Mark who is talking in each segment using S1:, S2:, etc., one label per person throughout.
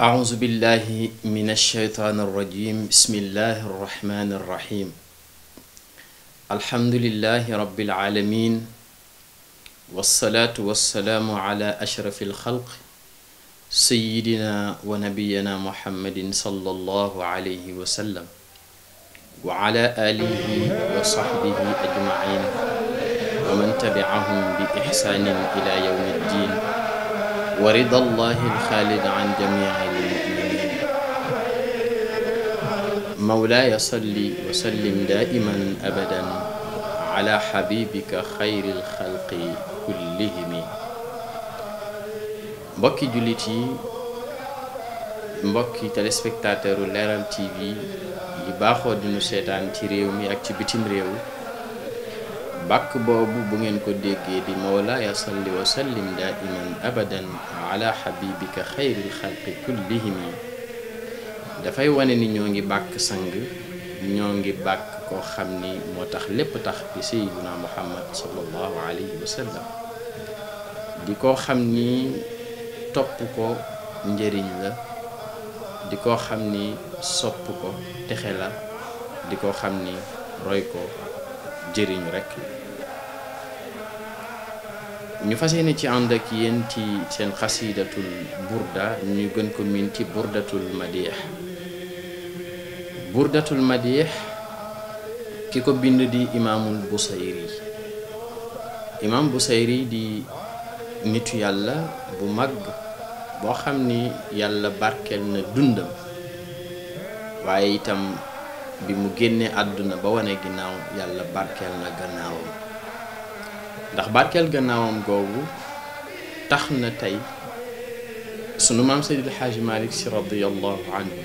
S1: أعوذ بالله من الشيطان الرجيم بسم الله الرحمن الرحيم الحمد لله رب العالمين والصلاة والسلام على أشرف الخلق سيدنا ونبينا محمد صلى الله عليه وسلم وعلى آله وصحبه أجمعين ومن تبعهم بإحسان إلى يوم الدين wa ridallahi alxaalid an jamiil muminin mawlaaya salli wa sallim daa'iman abadan ala xabibika xayril xalqi kullihimi mbokki jullit yi mbokki téléspectateur u Leral TV yi baaxoo dinu seetaan ci réew mi ak ci bitim réew bàkk boobu bu ngeen ko déggee di mawlaaya salli wa sallim daa'iman abadan ala xabibika xayril xalqi kullihim dafay wone ni ñoo ngi bàkk sang ñoo ngi bàkk koo xam ni moo tax lépp tax bi sayyiduna muhammad sallallahu alayhi wa sallam di koo xam ni topp ko njëriñ la di koo xam ni sopp ko texe la di koo xam ni roy ko jëriñu rek ñu fas yéene ci ànd ak yéen ci seen xasiidatul burda ñu gën ko miin burdatul madiix burdatul madiix ki ko bind di imaamul busayri imaam busayri di nitu yàlla bu mag boo xam ni yàlla barkeel na dundam waaye itam bi mu génnee àdduna ba wane ginnaaw yàlla barkeel na gannaawam ndax barkeel gannaawam googu tax na tey sunu maam Seydil Xaaji Malik si radiyallahu anhu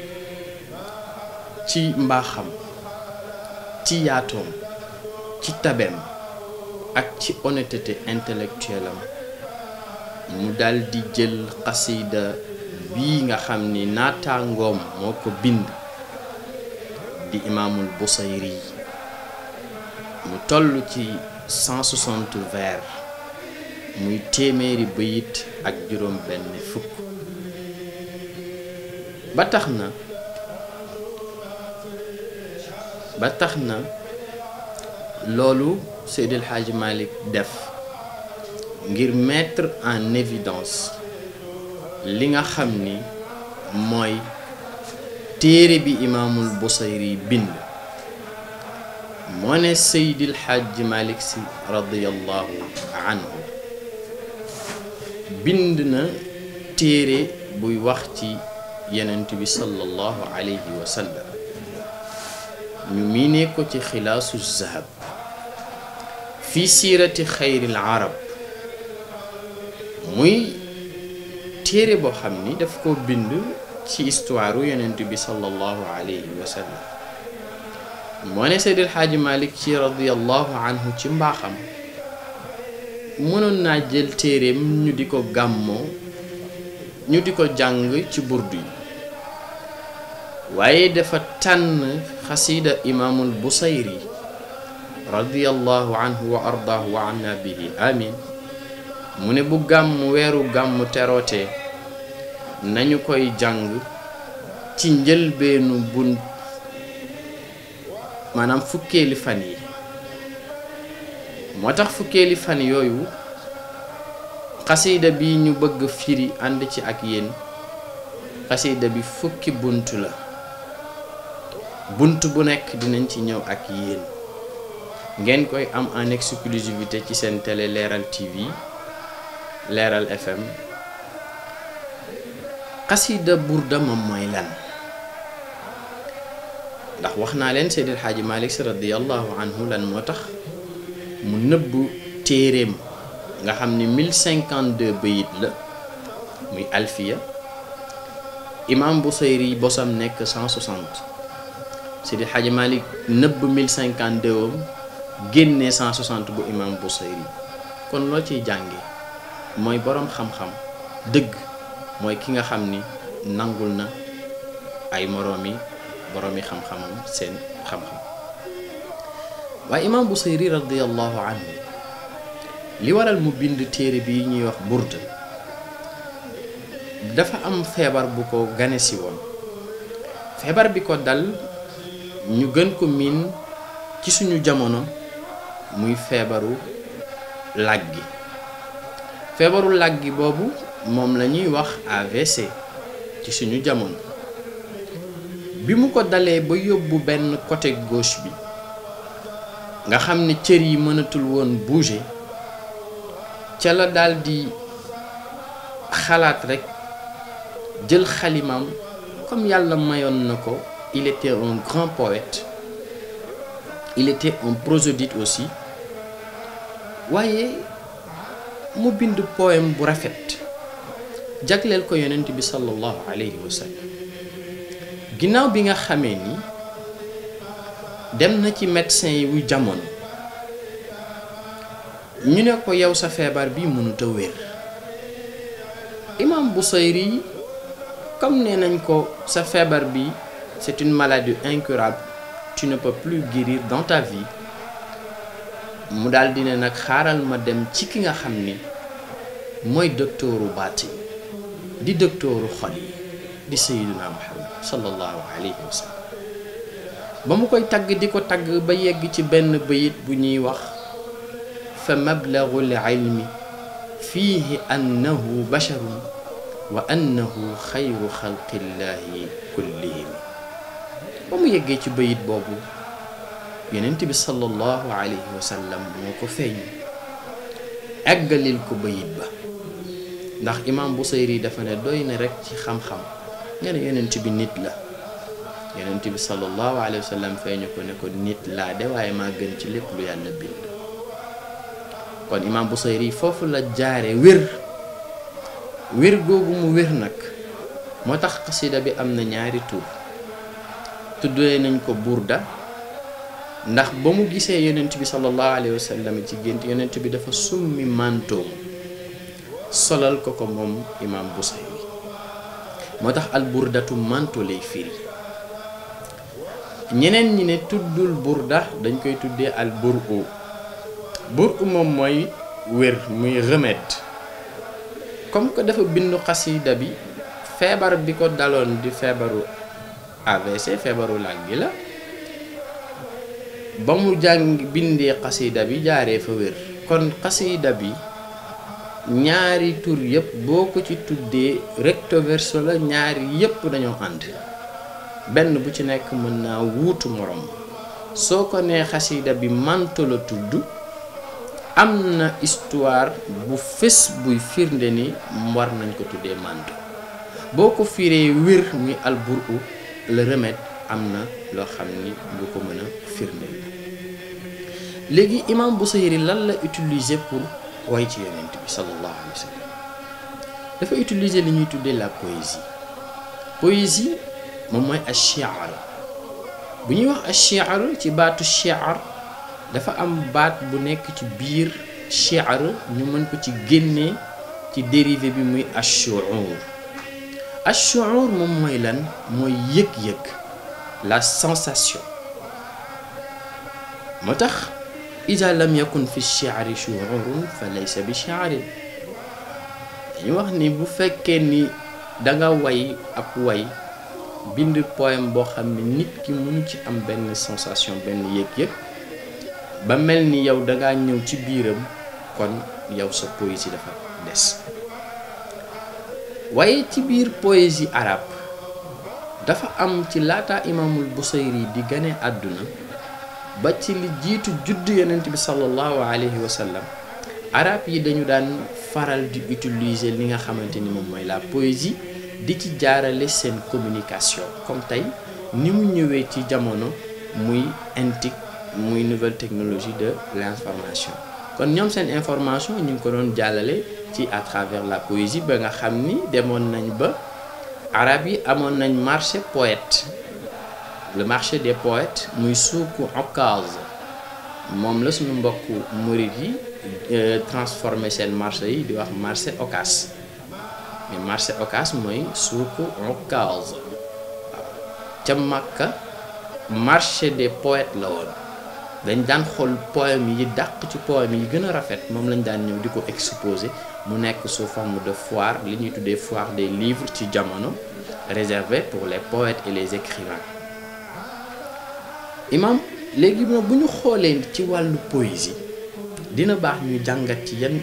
S1: ci mbaaxam ci yaatoom ci tabeem ak ci honnêteté intellectuelle mu daal di jël xasida bii nga xam ni naataangoom moo ko bind di imaamul Busayri mu toll ci 160 vers muy téeméeri bayit ak juróom benn fukk ba tax na loolu Seydil Hadji Malick def ngir metre en évidence li nga xam ni mooy téere bi imaamul busayri bind moo ne seydil xaaj malik si radiyallahu bind na téere buy wax ci yenent bi sallallahu alayhi wa ñu miinee ko ci xilaasu zahab fi siirati xayril arab muy téere boo xam ni def ko bind ci histoire yonent bi sallallahu wa sallam moo ne Seydil Xaaji Malik ci radiyallahu ci mbaaxam mënoon naa jël téereem ñu di ko gàmmoo ñu di ko jàng ci burdu yi waaye dafa tànn xasida imaamul busayri radiyallahu wa ardaahu wa anna bihi amin mu ne bu gàmm weeru gàmm teroote nañu koy jàng ci njëlbeenu bunt maanaam fukkeeli fan yi moo tax fukkeeli fan yooyu xasiida bi ñu bëgg firi ànd ci ak yéen xasiida bi fukki bunt la bunt bu nekk dinañ ci ñëw ak yéen ngeen koy am en exclusivité ci seen tele Leral TV leeral FM xasida burda moom mooy lan ndax wax naa leen Seydi El Hadji Malick Sy lan moo tax mu nëbb téeréem nga xam ni 1052 bayit la muy alfiya imam Busayri bosam nekk 160 Seydi El Hadji Malick nëbb 1052 am génnee 160 bu imam Busayri kon loo ci jànge mooy boroom xam-xam dëgg mooy ki nga xam ni nangul na ay moroomi boroomi xam-xamam seen xam-xam waaye imaam Busayri radiyallahu anhu li waral mu bind téere bi ñuy wax burda dafa am feebar bu ko gane si woon feebar bi ko dal ñu gën ko miin ci suñu jamono muy feebaru làggi feebaru làggi boobu moom la ñuy wax AVC ci suñu jamono bi mu ko dalee ba yóbbu benn côté gauche bi nga xam ne cër yi mënatul woon bouger ca la daal di xalaat rek jël xalimaam comme yàlla mayoon na ko il était un grand poète il était un prosodite aussi waaye mu bind poème bu rafet jagleel ko yonent bi sallallahu alayhi wa ginnaaw bi nga xamee ni dem na ci médecin yi wu jamono ñu ne ko yow sa feebar bi mënut a wér imam Busayri comme nee nañ ko sa feebar bi c'est une maladie incurable tu ne peux mu daldi ne nag xaaral ma dem ci ki nga xam ni mooy docteuru baati di doktooru xol yi di sayiduna muhammad sallallahu alayhi wa sallam ba mu koy tagg di ko tagg ba yegg ci benn bayit bu ñuy wax fa mablagu lilmi fiihi annahu basharun wa annahu xayru xalqillahi kullihim ba mu yeggee ci bayit boobu yonent bi sallallahu alayhi wa sallam moo ko feeñu eggalil ko bayit ba ndax imaam Busayri dafa ne doy na rekk ci xam-xam nga ne bi nit la yonent bi sallallahu alayhi wa sallam feeñu ko ne ko nit laa de waaye maa gën ci lépp lu yàlla bind kon imaam Busayri foofu la jaare wér wér googu mu wér nag moo tax xasida bi am na ñaari tur tuddee nañ ko buur da ndax ba mu gisee yonent bi sallallahu alayhi wa sallam ci gént yonent bi dafa summi mantoom solal ko ko moom imaam Busayri moo tax alburdatu manto lay firi ñeneen ñi ne tuddul burda dañ koy tuddee alburu buru moom mooy wér muy remède comme que dafa bindu xasida bi feebar bi ko daloon di feebaru AVC feebaru làg gi la ba mu jàng bindee xasida bi jaaree fa wér kon xasida bi ñaari tur yëpp boo ko ci tuddee recto verso la ñaari yëpp dañoo ànd benn bu ci nekk mën naa wutu moroom soo ko nee xasida bi manto tudd am na histoire bu fés buy firnde ni war nañ ko tuddee manto boo ko firee wér muy alburu le remède am na loo xam ni lu ko mën a firnde léegi imam Busayri lan la utiliser pour way ci yonent bi sallallahu wa sallam dafa utiliser li ñuy tuddee la poésie poésie moom mooy achiar bu ñuy wax achiar ci baatu chiar dafa am baat bu nekk ci biir chiar ñu mën ko ci génnee ci dérivé bi muy ashuur ashuur moom mooy lan mooy yëg-yëg la sensation moo tax ida lam fi chiari shuurun fa laysa bi chiari dañu wax ni bu fekkee ni danga way ak way bind poème boo xam ne nit ki mënu ci am benn sensation benn yëg-yëg ba mel ni yow danga ñëw ci biiram kon yow sa poésie dafa des waaye ci biir poésie arab dafa am ci laata imaamul Busayri di gëne àdduna ba ci li jiitu judd yeneent bi sallallahu alayhi wa sallam arab yi dañu daan faral di utiliser li nga xamante ni moom mooy la poésie di ci jaarale seen communication comme tey ni mu ñëwee ci jamono muy intique muy nouvelle technologie de l'information kon ñoom seen information ñu ngi ko doon jàllale ci à travers la poésie ba nga xam ni demoon nañu ba arab yi amoon nañ marché poète le marché des poètes muy suuku occase moom la suñu mbokku murit yi euh, transformé seen marché yi di wax marché occas mais marché occas mooy suuku occase waaw ca Makka marché des poètes la woon dañ daan xool poème yi dàq ci poème yi gën a rafet moom lañ daan ñëw di ko exposé mu nekk sous forme de foire li ñuy tuddee foire des livres ci jamono réservé pour les poètes et les écrivains imaam léegi moom bu ñu xoolee ci wàllu poésie dina baax ñu jàngat ci yan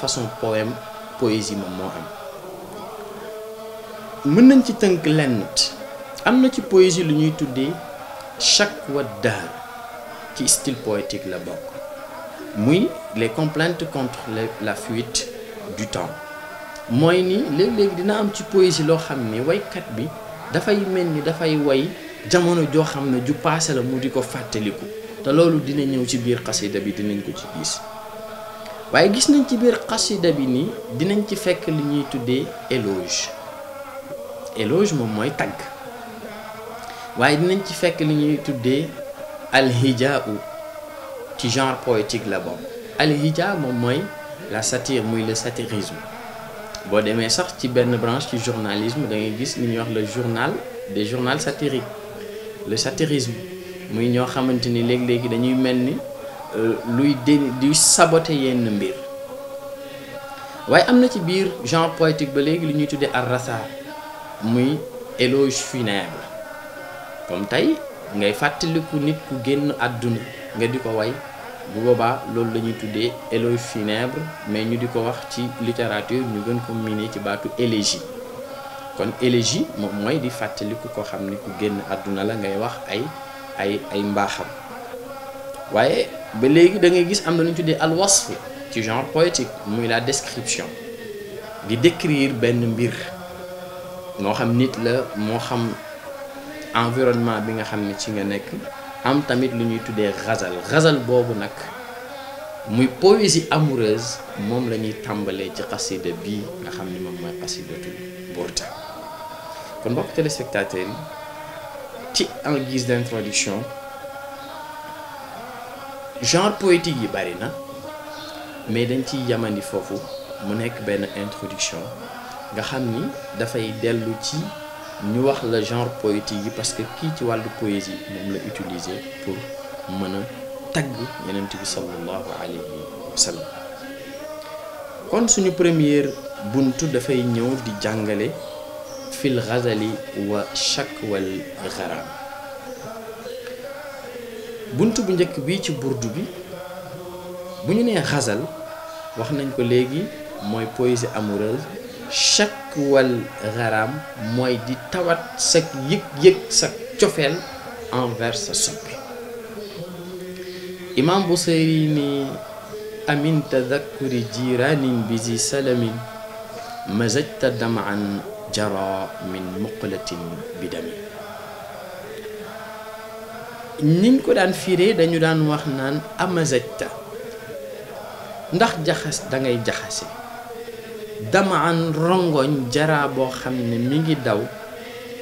S1: façon poème poésie moom moo am mën nañ ci tënk lenn am na ci poésie lu ñuy tuddee shakwa daar ci style poétique la bokk muy les complaintes contre la fuite du temps mooy nii léegi léeg dina am ci poésie loo xam ni woykat bi dafay mel ni dafay woy jamono joo xam ne ju paase la mu di ko fàttaliku te loolu dina ñëw ci biir xasida bi dinañ ko ci gis waaye gis nañ ci biir xasida bi nii dinañ ci fekk li ñuy tuddee éloge éloge moom mooy tagg waaye dinañ ci fekk li ñuy tuddee alhijau ci genre poétique la bokk alhija moom mooy la satire muy le satirisme boo demee sax ci benn branche ci journalisme da ngay gis li ñuy wax le journal des journaux satiriques le satérisme muy ñoo xamante ni léegi-léegi dañuy mel ni euh, luy dé luy sabote yenn mbir waaye am na ci biir genre poétique ba léegi lu ñuy tuddee ar muy éloge funèbre comme tey ngay fàttaliku nit ku génn àdduna nga di ko way bu boobaa loolu la ñuy tuddee éloge funèbre mais ñu di ko wax ci littérature ñu gën ko miné ci baatu élégie kon élégie moom mooy di fàttaliku koo xam ne ku génn àdduna la ngay wax ay ay ay mbaaxam waaye ba léegi da ngay gis am na lu ñu tuddee al wasf ci genre poétique muy la description di décrire benn mbir moo xam nit la moo xam environnement bi nga xam ne ci nga nekk am tamit lu ñuy tuddee xazal xazal boobu nag muy poésie amoureuse moom la ñuy tàmbalee ci xasida bi nga xam ne moom mooy xasidatu Burda kon mbokk téléspectateurs yi ci en guise d'introduction genre poétique yi bari na mais dañ ciy yamandi foofu mu nekk benn introduction nga xam ni dafay dellu ci ñu wax la genre poétique yi parce que kii ci wàllu poésie moom la utiliser pour mën a tagg yenent bi sallallahu alayhi kon suñu première buntu dafay ñëw di jàngale fil xazali wa chakwal xaraam bunt bu njëkk bii ci burdu bi bu ñu nee xazal wax nañ ko léegi mooy poésie amoureuse chakwal xaraam mooy di tawat sa yëg-yëg sa cofeel envers sa soppi imam Busayri ni amin tadakkuri jiranin bi si salamin mazajta damaan jara min muqlatin bidami niñ ko daan fiire dañu daan wax naan amazajta ndax jaxas dangay jaxase damaan rongoñ jara boo xam ne mi ngi daw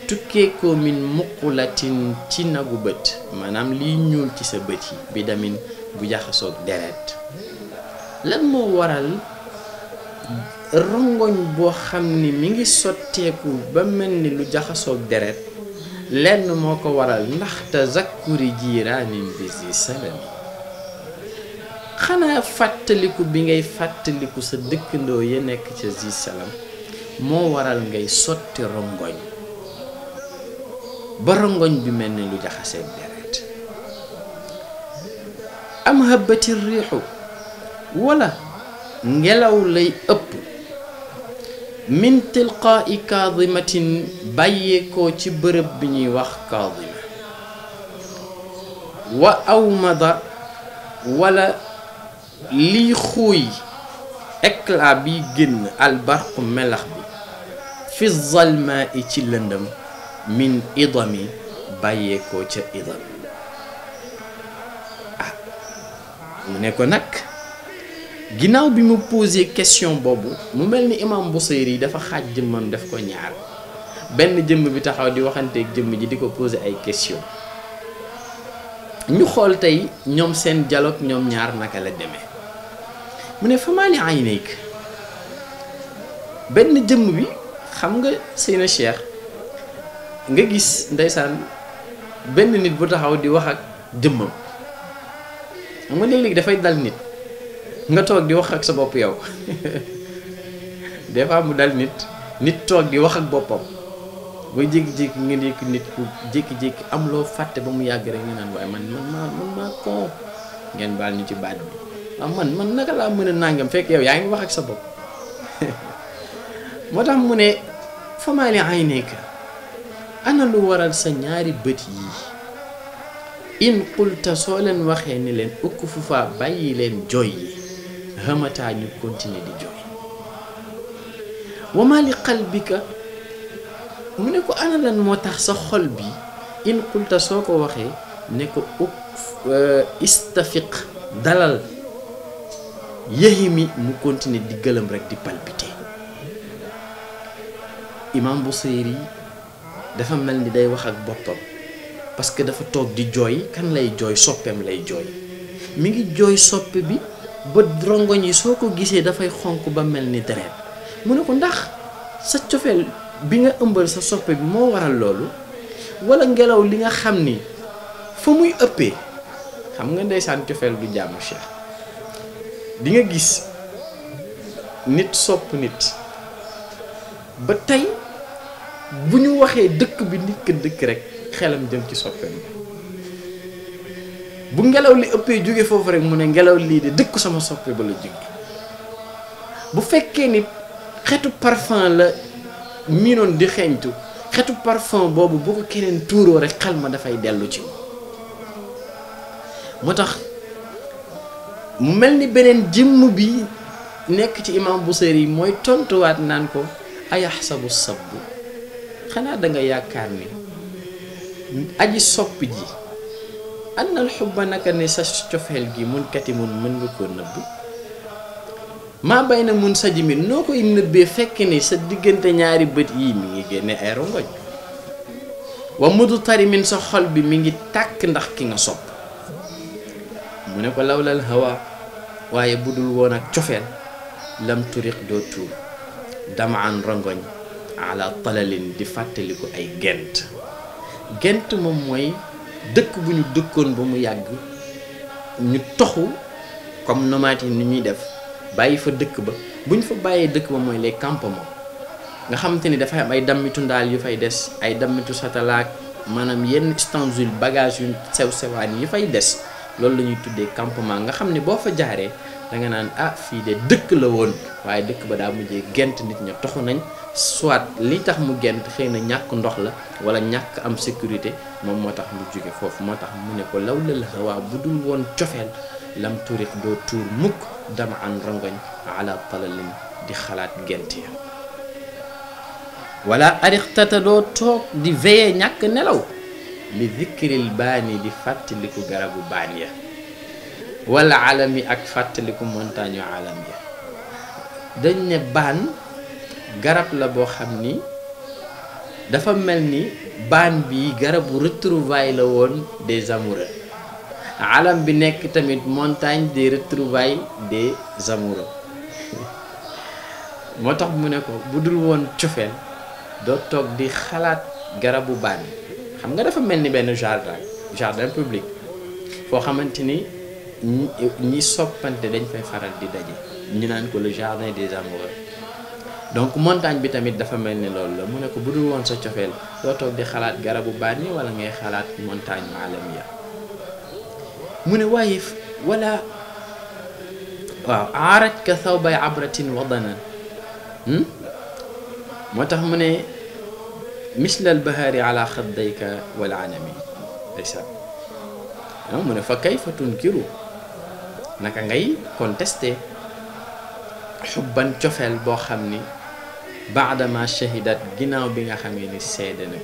S1: tukkee ko min muqulatin ci nagu bët maanaam liy ñuul ci sa bët yi bidamin bu jaxasoog deret lan moo waral rongoñ boo xam ni mi ngi sotteeku ba mel ni lu jaxasoog deret lenn moo ko waral ndax tazakkuri jiiraanin bi si salami xanaa fàttaliku bi ngay fàttaliku sa dëkkandoo ya nekk ca zi salam moo waral ngay sotti rongoñ ba rongoñ bi mel ni lu jaxaseeg deret am habati riixu wala ngelaw lay ëpp min tilqaa'i kaadimatin bàyyeekoo ci bërëb bi ñuy wax kaadima wa awmada wala liy xuuy éclat bi génn albarqu melax bi fi zalmaa ci lëndëm min idami bàyyeekoo ca idam ah ne ko nag ginnaaw bi mu posé question boobu mu mel ni imam Busayri yi dafa xaaj jëmmam def ko ñaar benn jëmm bi taxaw di waxanteeg jëmm ji di ko posé ay question ñu xool tey ñoom seen dialogue ñoom ñaar naka la demee mu ne famali maa li ay nekk benn jëmm bi xam nga Seyna Cheikh nga gis ndeysaan benn nit bu taxaw di wax ak jëmmam xam nga léeg dafay dal nit nga toog di wax ak sa bopp yow des fois mu dal nit nit toog di wax ak boppam mooy jékki-jékki nga nekk nit ku jékki-jékki am loo fàtte ba mu yàgg rek ñu naan waaye man man maa man ko ngeen baal ñu ci baat bi waaw ah, man man naka laa mën a nàngam fekk yow yaa ngi wax ak sa bopp moo tax mu ne famaali ay nekk ana lu waral sa ñaari bët yi in qulta soo leen waxee ni leen ukk fu faa bàyyi leen jooy yi xamataa ñu continuer di jooy wama li qalbika mu ne ko ana moo tax sa xol bi in qulta soo ko waxee ne ko uk eh, istafiq dalal yéhi mi mu continuer di gëlëm rek di palpiter bu Busiri dafa mel ni day wax ak boppam parce que dafa toog di jooy kan lay jooy soppeem lay jooy mi ngi jooy soppe bi bët rongoñ yi soo ko gisee dafay xonk ba mel ni deret mu ne ko ndax sa cofeel bi nga ëmbal sa soppe bi moo waral loolu walla ngelaw li nga xam ni fa muy ëppee xam nga ndeysaan cofeel du jàmm Cheikh dinga gis nit sopp nit ba tey bu ñu waxee dëkk bi nit ka dëkk rek xelam jëm ci bi bu ngelaw li ëppee jóge foofu rek mu ne ngelaw lii de dëkk sama soppe ba la jóge bu fekkee nit xetu parfum la miinoon di xeeñtu xetu parfum boobu bu ko keneen tuuroo rek xel ma dafay dellu ci moo tax mu mel ni beneen jëmm bi nekk ci imam Busiri mooy tontuwaat naan ko ayaxsabu sabbu xanaa da yaakaar ni aji soppi ji annal xubba naka ne sa cofeel gi mun kati mun mën nga koo nëbb maa bay na mun saji mi noo koy nëbbee fekk ni sa diggante ñaari bët yi mi ngi génne ay rongoñ wa mudu tari min sa xol bi mi ngi tàkk ndax ki nga sopp mu ne ko lawlal hawa waaye bu dul woon ak cofeel lam turiq doo tuur dama an rongoñ ala talalin di fàttaliku ay gent gent moom mooy dëkk bu ñu dëkkoon bu mu yàgg ñu toxu comme nomades ni ñuy def bàyyi fa dëkk ba bu ñu fa bàyyee dëkk ba mooy les campements nga xamante ni dafay am ay dammitu ndaal yu fay des ay dammitu satalaak maanaam yenn stanzul bagage yu sew sewaan yi fay des loolu la ñuy tuddee campement nga xam ni boo fa jaaree da nga naan ah fii de dëkk la woon waaye dëkk ba daa mujjee gent nit ña toxu nañ soit li tax mu gent xëy na ñàkk ndox la wala ñàkk am sécurité moom moo tax mu jóge foofu moo tax mu ne ko law lal hawa bu dul woon cofeel lam turik doo tuur mukk dama an rongoñ ala talalin di xalaat gent ya wala arixtata doo toog di veye ñàkk nelaw li zikril yi di fàttaliku garabu baan ya wala alami ak fàttaliku montagne alam ya dañ ne baan garab la boo xam ni dafa mel ni baan bi garabu retrouvaille la woon des amoureux alam bi nekk tamit montagne des retrouvailles des amoureux moo tax mu ne ko bu dul woon cofeel doo toog di xalaat garabu baan xam nga dafa mel ni benn jardin jardin public foo xamante ni ñi soppante dañ fay faral di daje ñu naan ko le jardin des amoureux donc montagne bi tamit dafa mel ni loolu la mu ne ko bu dul woon sa cofeel doo toog di xalaat garabu bànni wala ngay xalaat montagne maalam ya mu ne waaye wala waaw aarat ka saw bay abratin wadanan hmm? moo tax mu ne mislal bahaari ala xaddayka wal anami ndeysaan ah, mu ne fa kayfa tunkiru naka ngay contesté xubban cofeel boo xam ni baadama shahidat ginnaaw bi nga xamee ni seede na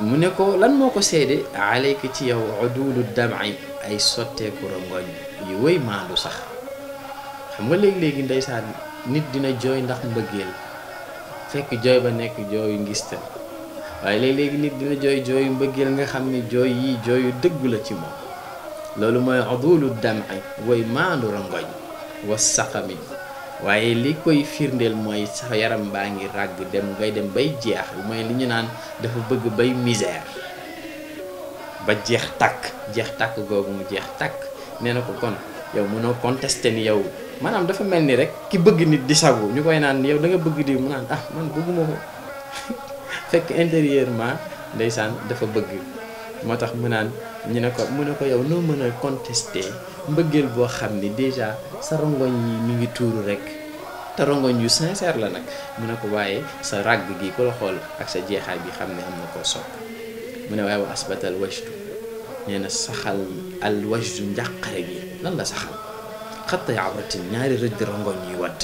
S1: mu ne ko lan moo ko seede alayka ci yow udulu dam'i ay sotteeku rongoñ yu wëy maandu sax xam nga léegi-léegi ndeysaan nit dina jooy ndax mbëggeel fekk jooy ba nekk jooyu ngistal waaye léeg-léegi nit dina jooy jooyu mbëggeel nga xam ni jooy yi jooyu dëgg la ci moom loolu mooy udulu dam'i way maandu rongoñ wa saqami waaye li koy firndeel mooy sa yaram baa ngi ràgg dem ngay dem bay jeex mooy li ñu naan dafa bëgg bay misère ba jeex tàkk jeex tàkk googu mu jeex tàkk nee na ko kon yow mënoo contester ni yow maanaam dafa mel ni rek ki bëgg nit di sagu ñu koy naan yow da nga bëgg di mu naan ah man bëgguma ko fekk intérieurement ndeysaan dafa bëgg moo tax mu naan ñu ne ko mu ne ko yow noo mën a contesté mbëggeel boo xam ni déjà sa rongoñ yi mu ngi tuuru rek te rongoñ yu sincère la nag mu ne ko waaye sa ragg gi ku la xool ak sa jeexaat bi xam ne am na koo sopp mu ne waaye wa asbatal wajdu nee na saxal al wajdu njàqare gi lan la saxal xatta awratin ñaari rëdd rongoñ yi wadd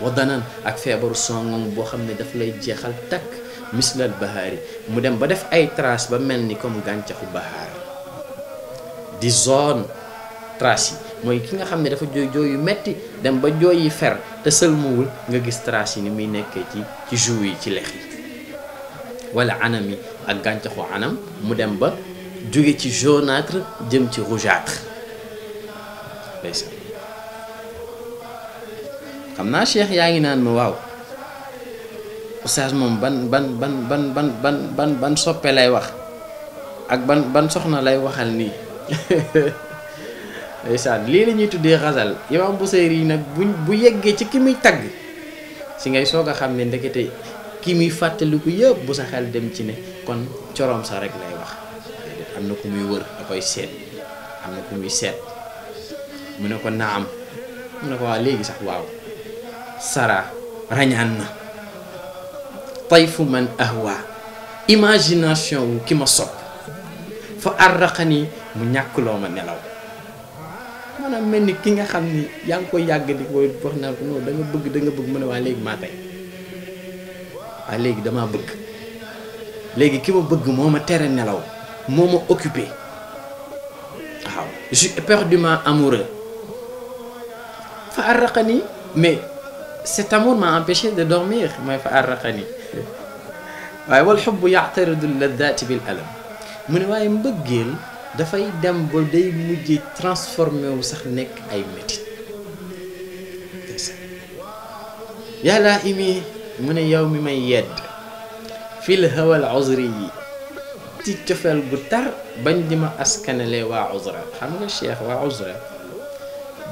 S1: waddanan ak feebaru songoŋ boo xam ne daf lay jeexal takk mislal bahaari mu dem ba def ay trace ba mel ni comme gàncaxu bahaar di zone trace yi mooy ki nga xam ne dafa jooy jooy yu metti dem ba jooy fer te sëlmuwul nga gis trace yi ni muy nekkee ci ci jou yi ci lex yi wala anam yi ak gàncaxu anam mu dem ba jóge ci jaunâtre jëm ci rougeâtre xam naa cheikh yaa ngi naan ma waaw oustaz moom ban ban ban ban ban ban ban ban soppe lay wax ak ban ban soxna lay waxal nii ndeysaan lii la ñuy tuddee xasal imam Busayri yi nag bu yeggee ci ki muy tagg si ngay soog a xam ne ndekete ki muy fàttaliku yëpp bu sa xel dem ci ne kon coroom sa rek lay wax am na ku muy wër da koy seet am na ku muy seet mu ne ko am mu ne ko waaw léegi sax waaw sara rañaan na tayfu man ahwa imagination wu ki ma sopp fa arraqani mu ñàkkloo ma nelaw maanaam mel ni ki nga xam ni yaa ngi koy yàgg di koy wax naa ko non da bëgg danga bëgg mu ne waa léegi maa tey waa léegi damaa bëgg léegi ki ma bëgg moo ma tere nelaw moo ma occupé waaw je suis éperdument amoureux fa arraqani mais cet amour m'a empêché de dormir mooy fa arraqani waaye wal xubbu yaxtaridu laddaati bil alam mu ne waaye mbëggeel dafay dem ba day mujj transformé sax nekk ay métit yàlla imi mu ne yow mi may yedd fil hawal uzri yi ci cofeel gu tar bañ di ma askanalee waa uzra xam nga cheikh waa uzra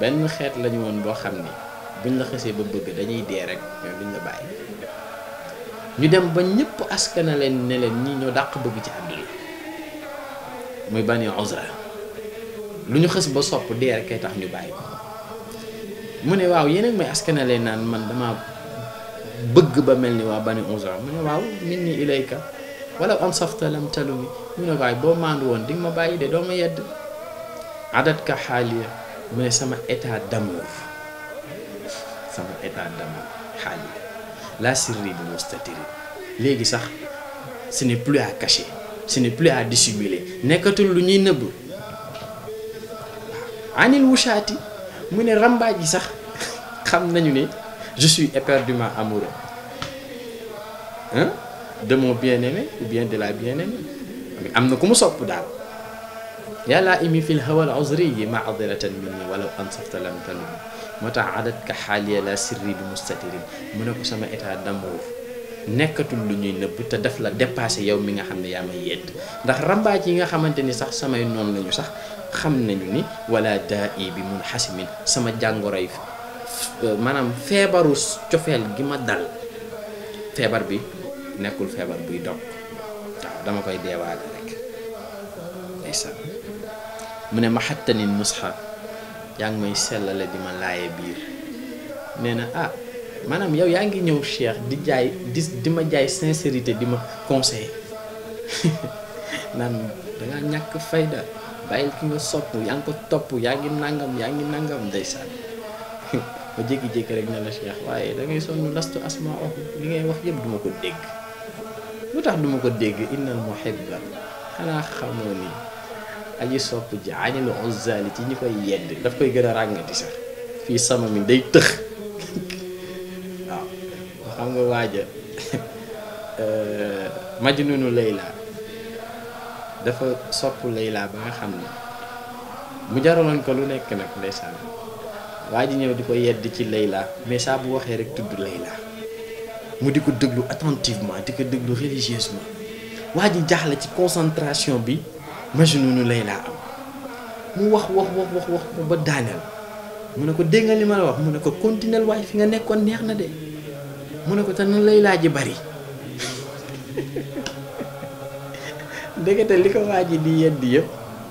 S1: benn xeet lañu woon boo xam ne buñ la xasee ba bëgg dañuy dee rek mais duñ la bàyyi ñu dem ba ñépp askana leen ne leen ñi ñoo dàq bëgg ci àdduna muy bani Uzra lu ñu xës ba sopp dee rek kay tax ñu bàyyi ko mu ne waaw yeneen may askana leen naan man dama bëgg ba mel ni waa bani Uzra mu ne waaw min ni ilayka wala am safta lam talumi mu ne waay boo maandu woon di ma bàyyi de doo ma yedd adat ka xaaliya mu ne sama état d'amour sama état d'amour xaaliya la sirri bi mustatiri léegi sax ce n'est plus à cacher ce plus à dissimuler nekkatul lu ñuy nëbb anil wuchaati mu ne rambaaj yi sax xam nañu ne je suis éperdument amoureux hein de mon bien de la bien-aimée am na ku mu sopp daal yàlla imi fil hawal uzri yi madiratan minni walaw ansafta lam talum moo tax adat ka xaaliya la sirri bi mustatirin mu ne ko sama état d'amour nekkatul lu ñuy nëbb te daf la dépassé yow mi nga xam ne yaa may yedd ndax rambaaj yi nga xamante ni sax samay noonu lañu sax xam nañu ni wala daa i bi mun xasimin sama jàngoroy euh, maanaam feebaru cofeel gi ma dal feebar bi nekkul feebar buy dog waaw dama koy deewaale rek mu ne ma xattanin musha yaa ngi may sellale di ma laaye biir nee na ah maanaam yow yaa ngi ñëw Cheikh di jaay di di ma jaay sincérité di ma conseil naan dangaa ñàkk fayda bàyyil ki nga sopp yaa ngi ko topp yaa ngi nangam yaa ngi nangam ndeysaan ma jékki-jékki rek ne la Cheikh waaye da ngay sonn lastu asma wax li ngay wax yëpp duma ko dégg lu tax duma ko dégg innal muhibba xanaa xamoo ni aji sopp ji anil onzali ci ñi koy yedd daf koy gën a ràngati sax fii sama mi day tëx waaw xam nga waaja euh, majnunu Layla dafa sopp Layla ba nga xam ne mu jaraloon ko lu nekk nag ndeysaan waa ji ñëw di ko yedd ci laylaa mais saa bu waxee rek tudd Layla mu di ko déglu attentivement di ko déglu religieusement waa ji jaaxle ci concentration bi majnunu lay laa am mu wax wax wax wax wax ba daaneel mu ne ko dégg nga li ma la wax mu ne ko continuel waaye fi nga nekkoon neex na de mu ne ko te nan lay laa ji bari ndekete li ko waa ji di yedd yëpp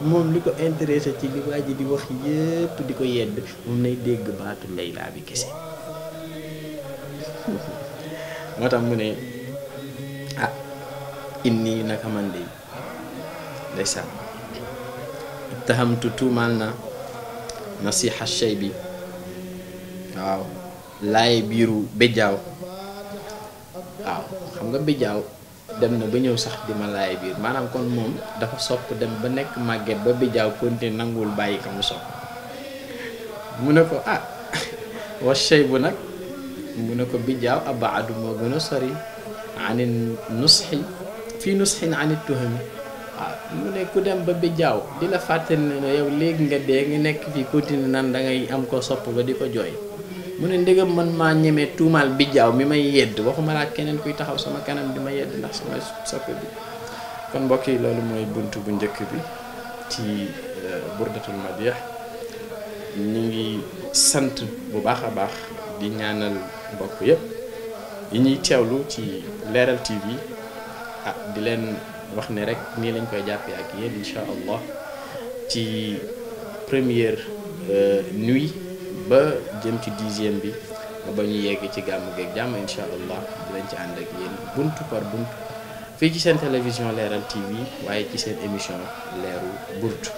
S1: moom li ko intéressé ci li waa ji di wax yëpp di ko yedd moom nay dégg baatu laylaa bi kese moo tax mu ne ah inni naka man de ndeysaan taxamtu tuumaal na nasiha shay bi waaw laay biiru béjjaaw waaw xam nga béjjaaw dem na ba ñëw sax di ma laay biir maanaam kon moom dafa sopp dem ba nekk màgget ba béjjaaw continué nanguwul bàyyi ko mu sopp mu ne ko ah was shay bu nag mu ne ko béjjaaw abaadu moo gën a sori anit nusxi fii nusxin anit tuhami ah mu ne ku dem ba bi jaaw di la fàttali ne yow léegi nga dee nga nekk fii continuer nan dangay am ko sopp ba di ko jooy mu ne ndegam man maa ñemee tuumaal bi jaaw mi may yedd waxuma laa keneen kuy taxaw sama kanam di ma yedd ndax sama soppe bi kon mbokk yi loolu mooy bunt bu njëkk bi ci euh, burdatul madih ñu ngi sant bu baax a baax di ñaanal mbokk yépp yi ñuy teewlu ci leeral TV ah di leen wax ne rek nii lañ koy jàppee ak yéen incha allah ci première euh, nuit ba jëm ci dixième bi ba ñu yegg ci gàmmu geeg jàmm incha allah lañ ci ànd ak yéen buntu par buntu fii ci seen télévision Leral TV waaye ci seen émission leeru burtu